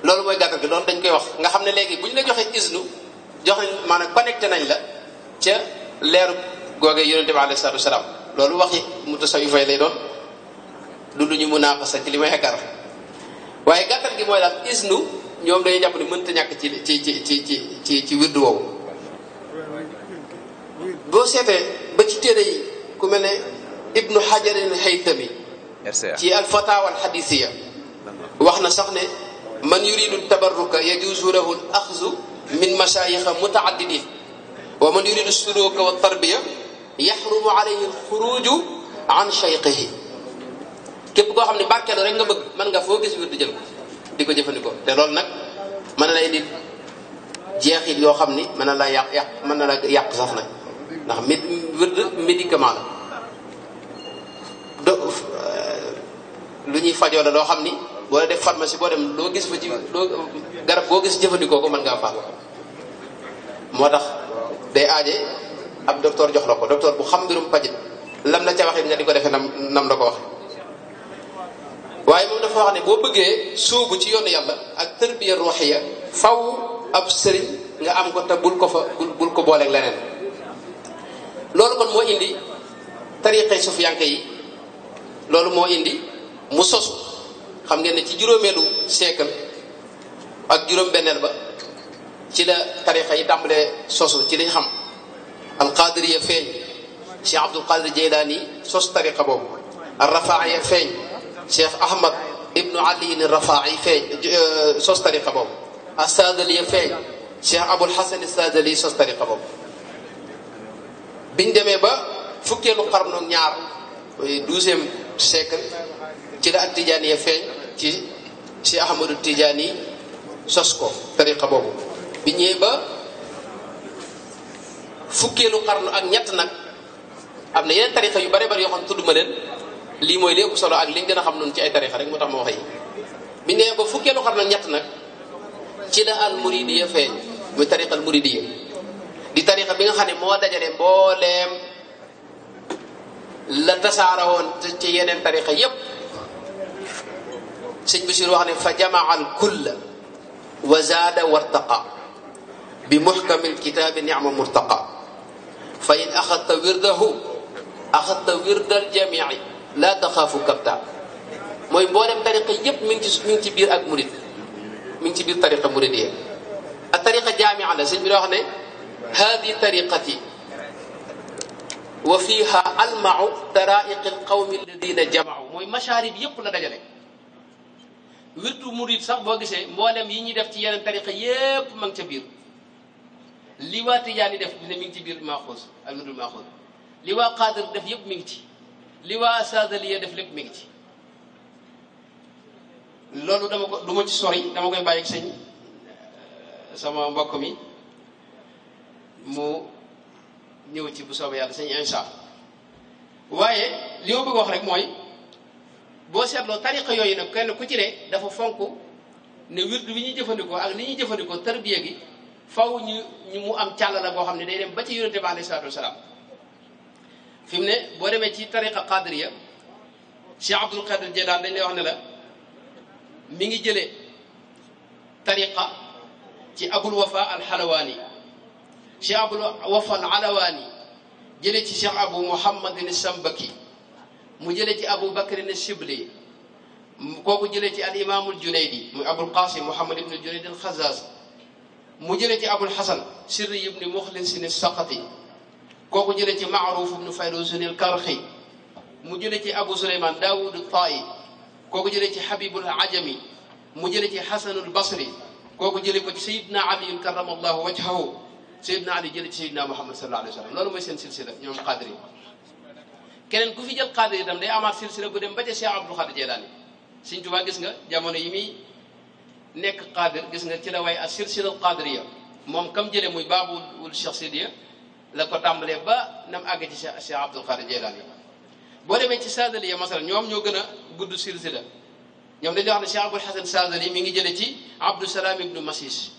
loolu mooy gàggal gi loolu dañ koy wax nga xam ne léegi bu ñu la joxee isnu jox nañ maanaam connecté nañ la ca leeru googee yonente bi alayhi salaatu wasalaam loolu waxi mutasawif yi lay doon du lu ñu munaaqasa ci li may xekar waaye gàttal gi mooy daal isnu ñoom dañuy jàpp ne mënta ñàkk ci ci ci ci ci ci wirdu woowu boo seetee ba ci téere yi ku mel ne ibnu xajarin haytami ci alfatawa alxadisiya wax na sax ne من يريد التبرك يجوز له الأخذ من مشايخ متعددين ومن يريد السلوك والتربية يحرم عليه الخروج عن شيخه كيف كو خامني باركال رك نغا مانغا فو گيس ويد ديجل ديكو جيفانيكو تي لول نك مانا لا يدي جيخي نعم، آه، لو خامني مانا لا ياق ياق مانا لا ياق صاح نك ناخ ميد ويد ميديكامان دو لو ني فاجو لا لو خامني boo def pharmacie boo dem loo gis fa ci loo garab boo gis jëfandikoo ko mën ngaa faatu moo tax day aaje ab docteur jox la ko docteur bu xam mbirum pajit lam la ca waxit nga di ko defee nam nam la ko waxe waaye moom dafa wax ne boo bëggee sóobu ci yoonu yàlla ak tërbiya ya faw ab sëriñ nga am ko te bul ko fa bul ko booleeg leneen loolu kon moo indi tariqe sufiyanke yi loolu moo indi mu sosu xam ngeen ne ci juróomeelu siècle ak juróom-benneel ba ci la tarixa yi tàmbalee sosu ci lañ xam alqadir ya feeñ cheikh abdul qadir jeylaani sos tariqa boobu ya feeñ cheikh ahmad ibnu aliyin rafaai feeñ sos tariqa boobu ya feeñ cheikh abul hasan sadali sos tariqa boobu biñ demee ba fukkeelu xarnoog ñaar douzième siècle ci la ya feeñ ci Cheikh Ahmadou Tidiane yi sos ko tariqa boobu bi ñëwee ba fukkeelu xarnu ak ñett nag am na yeneen tariqa yu bare bari yoo xam tudd ma leen lii mooy lépp solo ak liñ gën a xam noonu ci ay tariqa rek moo tax ma wax yi bi ñëwee ba fukkeelu ñett nag ci la al bi nga xam ne moo dajale mbooleem la tasaara woon ci yeneen tariqa yépp شيخ بشير وحني فجمع الكل وزاد وارتقى بمحكم الكتاب نعم مرتقى فإن أخذت ورده أخذت ورد الجميع لا تخافوا كبتا موي بولم طريق يب من تي من تي بير اك مريد من تي بير طريق مريديه الطريقه جامعه لا سيني وخني هذه طريقتي وفيها المع ترائق القوم الذين جمعوا موي مشارب يقل دجالي wirdu murid sax boo gisee mboolem yi ñuy def ci yeneen tariqa yépp ma ca biir li waa Tijaani def dina mi ci biir Maaxuus al wirdul Maaxuus li waa Xaadir def yëpp mi ngi ci li waa Saadaliya def lépp mi ngi ci loolu dama ko du ma ci sori dama koy bàyyi sëñ euh, sama mbokk mi mu ñëw ci bu soobee yàlla sëñ incha waaye li ma bëgg wax rek mooy bo setlo tariqa yooyu nag kenn ku ci ne dafa fonk ne wirdu bi ñuy jëfandikoo ak ni ñuy jëfandikoo tarbiya gi faw ñu ñu mu am càll la boo xam ne day dem ba ci yonente bi alayhi salaatu wasalaam fi mu ne boo demee ci tariqa qadiriya Cheikh Abdul Qadir Jeylaan dañ lay wax ne la mi ngi jëlee tariqa ci Abul Wafa al halawani Cheikh Abul Wafa al Halawaani jëlee ci Cheikh Abu Muhammadin Sambaki mu jëlee ci abu bakrin shibli kooku jëlee ci al imaamul junaydi muy abul qasim muhammad ibnu junaydi al xazaaz mu jëlee ci abul xasan sirri ibni muxlisin saqati kooku jëlee ci maaruf ibnu fayrusin al karxi mu jëlee ci abu suleyman daawud taayi kooku jëlee ci habibul ajami mu jëlee ci xasanul basri kooku jëlee ko ci sayidna aliyun karama allahu wajhahu sayidna ali jëlee ci sayidna muhammad sallallahu alayhi wa sallam loolu mooy seen silsila ñoom qadri keneen ku fi jël xaadir itam day amaat silsila bu dem ba ca Cheikh Abdul Xaadir Jeelaani Sëriñ Tuubaa gis nga jamono yi muy nekk xaadir gis nga ci la way ak silsila xaadiriya moom kam jële muy baabul shaxsidiya la ko tàmbalee ba nam àgg ci Cheikh Abdul Xaadir Jeelaani boo demee ci saadaliya masala ñoom ñoo gën a gudd silsila ñoom dañuy wax ne Cheikh Abul Hasan Saadali mi ngi jële ci Abdus Salaam ibnu Masis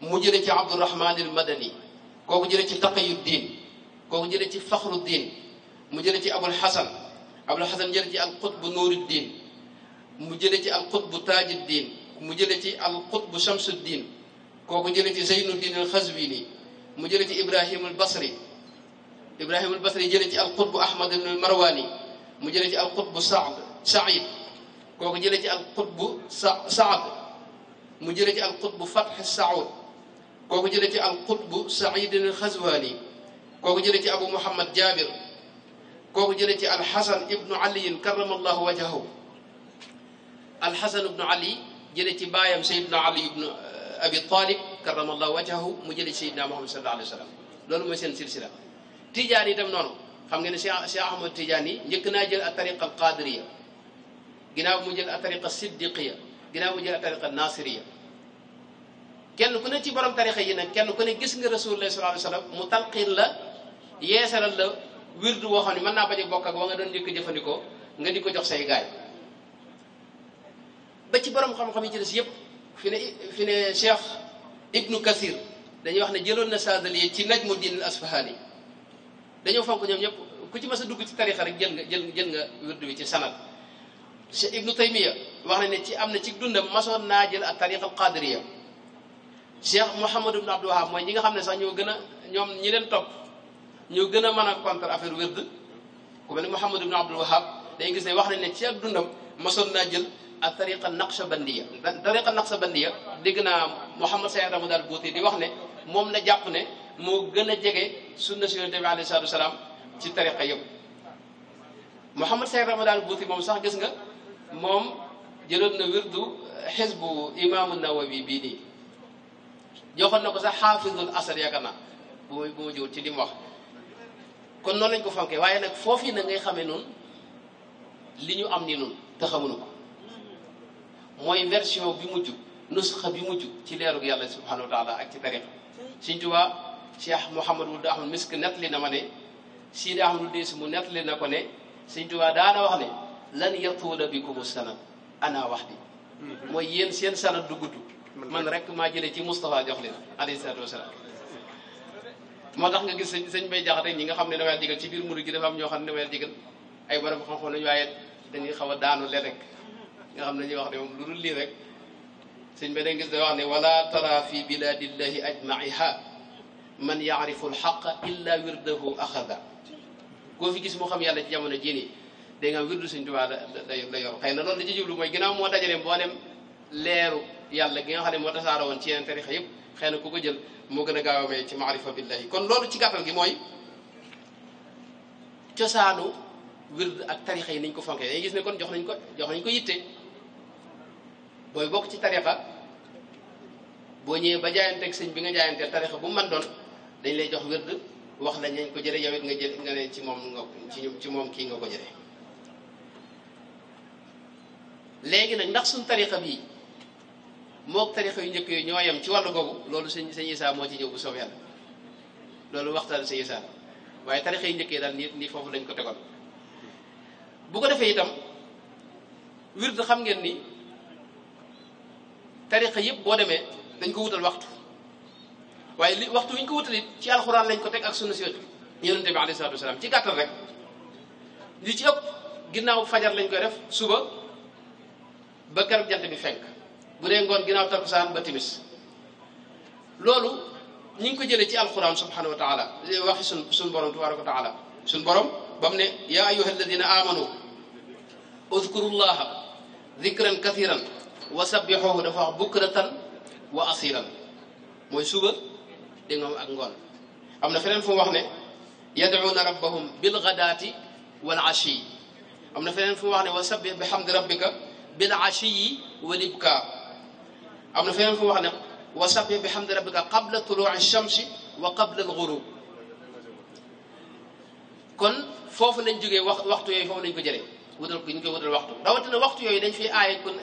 mu jële ci Abdurahman al Madani kooku jële ci Taqiyuddin kooku jële ci Faxruddin mu jële ci abul xasan abul xasan jële ci alqutbu nuuriddin mu jële ci alqutbu taajiddin mu jële ci alqutbu shamsuddin kooku jële ci zeynuddin alxazwini mu jële ci ibrahim albasri ibrahim albasri jële ci alqutbu ahmad ibn almarwani mu jële ci alqutbu saad said kooku jële ci alqutbu saad mu jële ci alqutbu fatx saud kooku jële ci alqutbu saidin alxazwani kooku jële ci abu muhammad jabir kooku jëlee ci alxasan ibnu aliyin karamallahu wajahu alxasan ibnu ali jëlee ci baayam sayidna ali ibnu abi talib karamallahu wajahu mu jëlee ci sayidna muhammad sallallahu alayhi wa sallam loolu mooy seen silsila tijaan yi itam noonu xam ngeen ne cheikh ahmad tijaan yi njëkk naa jël a tariqa al qadiriya ginnaaw mu jël a tariqa siddiqiya ginnaaw mu jël a tariqa nasiriya kenn ku ne ci borom tariqa yi nag kenn ku ne gis nga rasulullah sallallahu alayhi wa sallam mu talqin la yeesalal la wirdu wo xamni man na naa bañ a bokk ak wa nga doon njëkk jëfandikoo nga diko jox say gaay ba ci borom xam-xam ci dess yépp fi ne cheikh ibnu kasir dañ wax ne jëlon na sadaliye ci najmu din asfahani dañu fonk ñom ñëpp ku ci mësa dugg ci tariixa rek jël nga jël jël nga wirdu ci sanad cheikh ibnu taymiya wax na ne ci am na ci dundam masoon na jël at tariqa al qadiriyya cheikh Muhammad ibnu Abdullah, wahab mooy ñi nga xamne sax ñoo gëna ñom ñi leen top ñu gëna a mën a contre affaire wérd ku mel ni Mouhamad ibn Abdul Wahab day gis ne wax na ne ci ak dundam masoon naa jël a tariqa naqshabandiya tariqa naqshabandiya dégg naa Mouhamad sayyid Amadou Al Bouti di wax ne moom la jàpp ne moo gën a jege sunna si yonente bi alayhi salatu wasalaam ci tariqa yëpp Mouhamad sayyid Amadou Al Bouti moom sax gis nga moom jëloon na wirdu xisbu imaamu nawawi bii nii joxoon na ko sax xaafidul asar yaakaar naa bu bu ma jiwul ci lim wax kon noonu lañ ko fonkee waaye nag foofu na ngay xamee noonu li ñu am ni noonu te xamuñu ko mooy version bi mujj nusxa bi mujj ci leeru yàlla subhanahu wa taala ak ci tariqa Sëñ Tuubaa Cheikh Mouhamad Wuld Ahmad Misk nettali na ma ne daa Ahmad Wuld Dees mu nettali na ko ne Sëñ Tuubaa daana wax ne lan yatuula bikumu sanad ana wax di mhm. mooy yéen seen sanad du gudd man rek maa jëlee ci Moustapha jox leen alayhi salaatu wasalaam moo tax nga gis sëñ sëñ bay jaxate ñi nga xam ne dawel digal ci biir murid gi dafa am ñoo xam ne dawel digal ay borom xam-xam lañu waaye dañuy xaw a daanu le rek nga xam ne dañuy wax ne moom lu dul lii rek sëñ bay da nga gis day wax ne wala tara fi biladillahi ajmaiha man yaarifu alxaqa illa wirdahu axada koo fi gis moo xam yàlla ci jamono jii nii da nga wirdu sëñ Tuubaa la la yor xëy na loolu li ci jublu mooy ginnaaw moo dajale mboolem leeru yàlla gi nga xam ne moo tasaaroo woon ci yeneen tarixa yëpp xëy na ku ko jël moo gën a gaaw amee ci maarifa billahi kon loolu ci gàttal gi mooy cosaanu wird ak tarixa yi niñ ko fonkee day gis ne kon jox nañ ko jox ko yitte booy bokk ci tarixa boo ñëwee ba jaayanteeg sëñ bi nga jaayanteel tarixa bu man doon dañ lay jox wird wax la ñañ ko jële yow nga jël nga ci moom nga ci ci moom kii nga ko jële léegi nag ndax suñ tarixa bii mook tarixa yu njëkk yooyu ñoo yem ci wàllu googu loolu sëñ sëñ Isaa moo ci ñëw bu soob loolu waxtaan sëñ Isaa waaye tarixa yu njëkk yi daal ni nii foofu lañ ko tegoon bu ko defee itam wird xam ngeen ni tarixa yëpp boo demee dañ ko wutal waxtu waaye li waxtu wi ñu ko wutal it ci alxuraan lañ ko teg ak sunna si yonente bi alei salatu wasalaam ci gàttal rek li ci ëpp ginnaaw fajar lañ koy def suba ba keroog jant bi fenk برينغون غيناو تاكوسان با تيبس لولو نينكو جيلي تي القران سبحانه وتعالى واخي سن سن بروم تبارك وتعالى سن بروم بام يا ايها الذين امنوا اذكروا الله ذكرا كثيرا وسبحوه دفا بكره واصيلا موي سوبا ديغوم اك نغول امنا فنن فوم واخني يدعون ربهم بالغداة والعشي امنا فنن فوم واخني وسبح بحمد ربك بالعشي والابكار أمن فين في وحنا وسبح بحمد ربك قبل طلوع الشمس وقبل الغروب كن فوف لن جوغي وقت يوي فوف لن كجري ودل كن كي ودل وقت دوتنا وقت يوي دنج في آية كن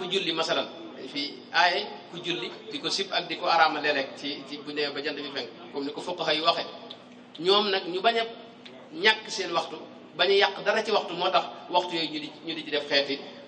كجولي مثلا في آية كجولي ديكو سيب أك ديكو أرام ليلك تي تي بني بجان دمي فين كم نكو فوق هاي وقت نيوم نك نيو بني نيك سين وقت بني يقدر تي وقت مودخ وقت يوي نيو دي نيو دي تدف خيتي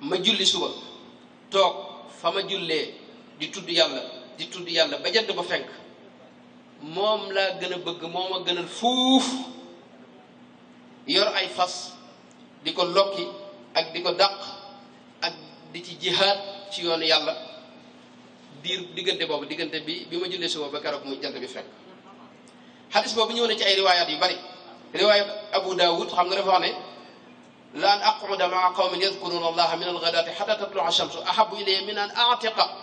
ma julli suba toog fa ma jullee di tudd yàlla di tudd yàlla ba jant ba fenk moom laa gën a bëgg moom a gënal fuuf yor ay fas di ko lokki ak di ko dàq ak di ci jihaad ci yoonu yàlla diir diggante boobu diggante bi bi ma jullee suba ba keroog muy jant bi fenk xadis boobu ñëw na ci ay riwaayaat yu bari riwaayat Abu Daawud xam nga dafa wax ne لأن أقعد مع قوم يذكرون الله من الغداة حتى تطلع الشمس أحب إلي من أن أعتق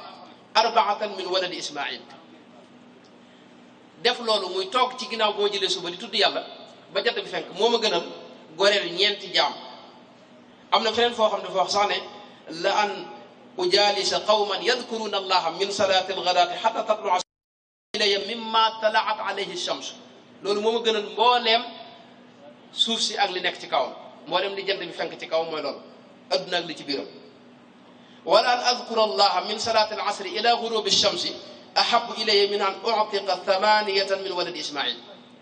أربعة من ولد إسماعيل def loolu muy toog ci ginnaaw boo jëlee suba di tudd yàlla ba jant bi fenk moo ma gënal goreel ñeenti jaam am na feneen foo xam dafa wax sax ne la an ujalisa qawman yadkuruna allaha min salati alghadati xata tatlua ilaya mimma talaat alayhi shams loolu moo ma gënal mbooleem suuf si ak li nekk ci kawam mbolem li jënd bi fenk ci kaw moy lool aduna ak li ci ولا أذكر الله من صلاة العصر إلى غروب الشمس أحب إلي من أن أعتق ثمانية من ولد إسماعيل.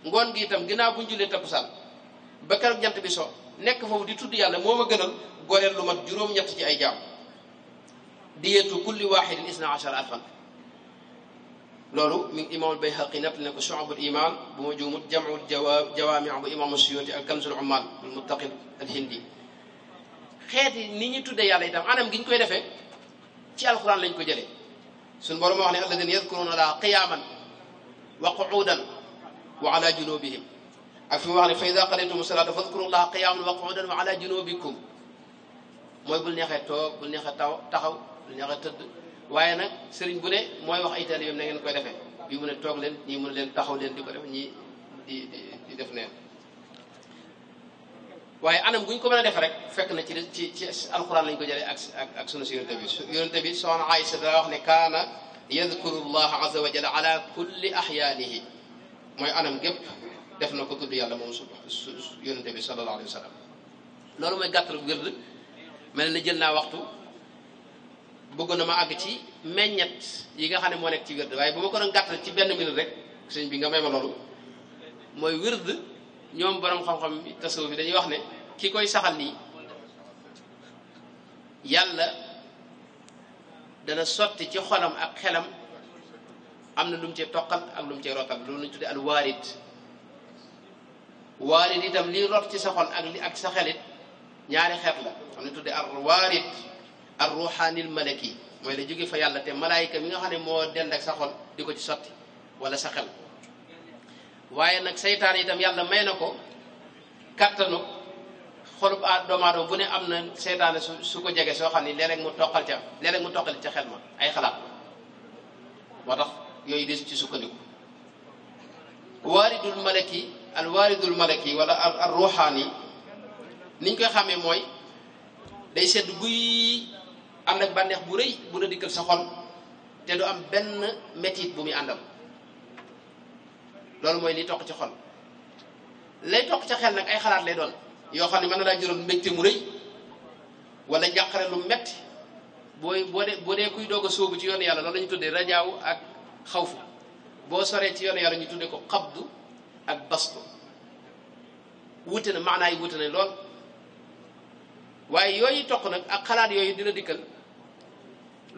نقول جيتم جنا بنجل تبصر. بكر جنت بيسو. نك فو دي تودي على مو مجنون. قرر لما تجرم جت جاي جام. ديت كل واحد إثنا عشر ألفا. لولو من إمام البيهق نبلنا كشعب الإيمان بوجو جمع الجواب جوامع بإمام السيوتي الكنز العمال المتقل الهندي خير نيني تودي على إدام أنا مجين كوي دفن تي القرآن لين كوي جلي سن بارو مغني الذين يذكرون على قياما وقعودا وعلى جنوبهم أفي مغني فإذا قلتم الصلاة فاذكروا الله قياما وقعودا وعلى جنوبكم موي بل نيخي توب بل نيخي تاو تخو بل نيخي تدو waaye nag sëriñ bu ne mooy wax ay taalibeem na ngeen koy defee bii mu ne toog leen ñii mu ne leen taxaw leen di ko def ñii di def neen waaye anam guñ ko mën a defe rek fekk na ci ci ci alquran lañ ko jëlee ak ak ak sunu si yonente bi yonente bi soxna Aïsa wax ne kaana yadkuru allah azza wa jalla ala kulli ahyaanihi mooy anam gépp def na ko tudd yàlla moom su su yonente bi sallallahu alayhi wa sallam loolu mooy gàttal wird mel na jël naa waxtu bëggoon ma ag ci meññat yi nga xamne mo nek ci wird waye bu ma ko don gatt ci benn minute rek señ bi nga may ma lolu moy wird ñom borom xam-xam tasawuf bi dañuy wax ne ki koy saxal ni yalla dana sotti ci xolam ak xelam amna lu mu ci tokkal ak lu mu ci rotal lu ñu tuddi al warid waarid itam li rot ci sa ak li ak sa xelit ñaari xet la am tuddi al ak ruuxaanil malaki mooy la jóge fa yàlla te malaayika mi nga xam ne moo dend ak sa xol di ko ci sotti wala sa xel waaye nag seytaan itam yàlla may na ko kattanu xolub doomu aadama bu ne am na seytaane su su ko jege soo xam ni léeg-léeg mu toqal ca léeg mu toqal ca xel ma ay xalaat moo tax yooyu des ci sukkandiku waaridul malaki al waaridul malaki wala al ruuxaan yi niñ koy xamee mooy day sedd guy am nag bànneex bu rëy bu la dikkal sa xol te du am benn métit bu muy àndal loolu mooy liy toq ci xol lay toq ca xel nag ay xalaat lay doon yoo xam ne mën na laa jural mbégte mu rëy wala njàqare lu metti booy boo dee boo dee kuy doog a sóobu ci yoon yàlla loolu la ñu tuddee rajaaw ak xawfu boo soree ci yoonu yàlla ñu tuddee ko xabdu ak bastu wute na maanaa yi wute na lool waaye yooyu toq nag ak xalaat yooyu dina dikkal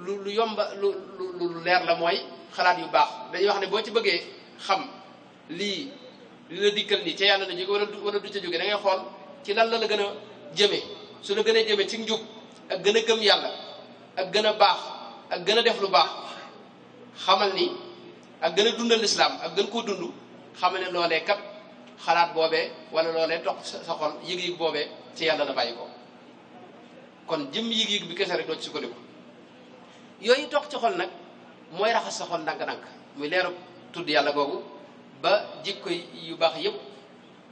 lu lu yomba lu lu leer la mooy xalaat yu baax dañuy wax ne boo ci bëggee xam lii li la dikkal nii ca yàlla la jóge wala du wala du ca jóge dangay xool ci lan la la gën a jëmee su la gën a jëmee ci njub ak gën a gëm yàlla ak gën a baax ak gën a def lu baax xamal ni ak gën a dundal lislaam ak gën koo dund xamal ne loolee kat xalaat boobe wala loolee toq sa xol yëg-yëg boobe ci yàlla la bàyyi ko kon jëm yëg-yëg bi kese rek doo ci sukkandiku yooyu toog ci xol nag mooy raxas sa xol ndànk-ndànk muy leeru tudd yàlla googu ba jikko yu baax yépp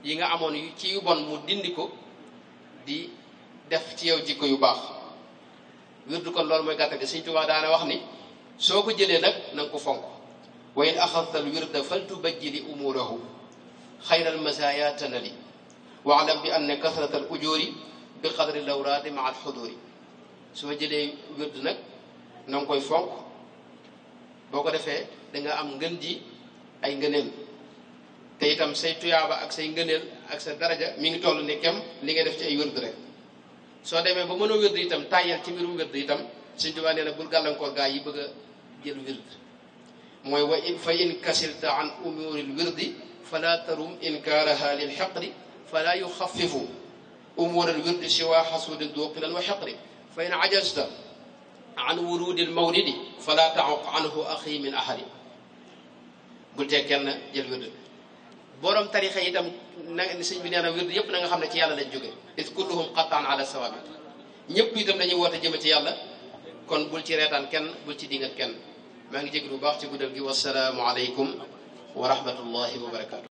yi nga amoon yu ci yu bon mu dindi ko di def ci yow jikko yu baax wirdu kon loolu mooy gàttal gi Sëñ Tuubaa daana wax ni soo ko jëlee nag na nga ko fonk wa in axadta al wirda faltubajjili umuurahu xayra al masaaya tanali wa alam bi anna kasrata al ujuuri bi qadri lawraadi ma al xuduuri soo jëlee wirdu nag na nga koy fonk boo ko defee da nga am ngën ji ay ngëneel te itam say tuyaaba ak say ngëneel ak sa daraja mi ngi toll ni kem li nga def ci ay wërd rek soo demee ba mën a wërd itam tàyyal ci mbirum wërd itam Sëñ Tuubaa nee na bul gàllankoor gaa yi bëgg a jël wërd mooy wa in fa in kasilta an umuril wirdi fala tarum inkaaraha lil xaqri fala yuxafifu umuril wirdi siwa xasuudi duuqilan wa xaqri fa in ajasta عن ورود المولد فلا تعق عنه اخي من احد قلت يا كان جل ورد بورم تاريخ يدم نسيج بني انا ورد يبنى نغا خمنا يالا اذ كلهم قطعا على السواب نيب يدم نيو وات جيما تي يالا كون بول تي ريتان كين بول تي ديغا كين ماغي جيغ لو جي والسلام عليكم ورحمه الله وبركاته